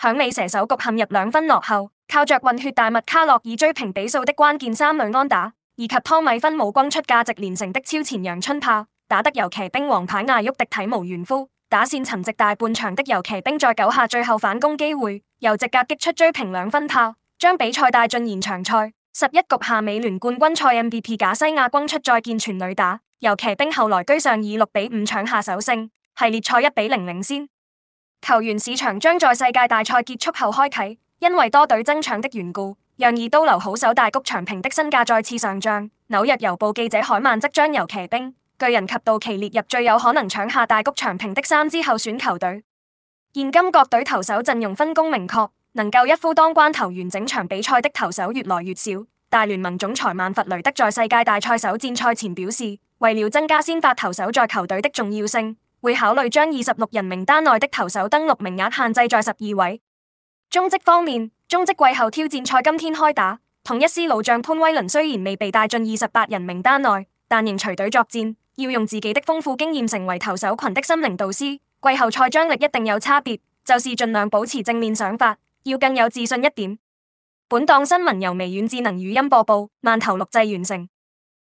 響尾蛇首局陷入兩分落後，靠着混血大物卡洛爾追平比數的關鍵三壘安打，以及湯米芬武轟出價值連城的超前陽春炮，打得遊騎兵王牌艾旭迪體無完膚。打線沉寂大半場的遊騎兵在九下最後反攻機會，由直格擊出追平兩分炮，將比賽帶進延長賽。十一局下美聯冠軍賽 MVP 賈西亞轟出再見全壘打，遊騎兵後來居上以六比五搶下首勝，系列賽一比零領先。球員市場將在世界大賽結束後開啟，因為多隊爭搶的緣故，讓二刀流好手大谷長平的身價再次上漲。《紐約郵報》記者海曼則將遊騎兵、巨人及道奇列入最有可能搶下大谷長平的三支候選球隊。現今各隊投手陣容分工明確，能夠一夫當關投完整場比賽的投手越來越少。大聯盟總裁曼弗雷德在世界大賽首戰賽前表示，為了增加先發投手在球隊的重要性。會考慮將二十六人名單內的投手登錄名額限制在十二位。中職方面，中職季後挑戰賽今天開打。統一獅老將潘威倫雖然未被帶進二十八人名單內，但仍隨隊作戰，要用自己的豐富經驗成為投手群的心靈導師。季後賽張力一定有差別，就是盡量保持正面想法，要更有自信一點。本檔新聞由微軟智能語音播報，慢投錄製完成。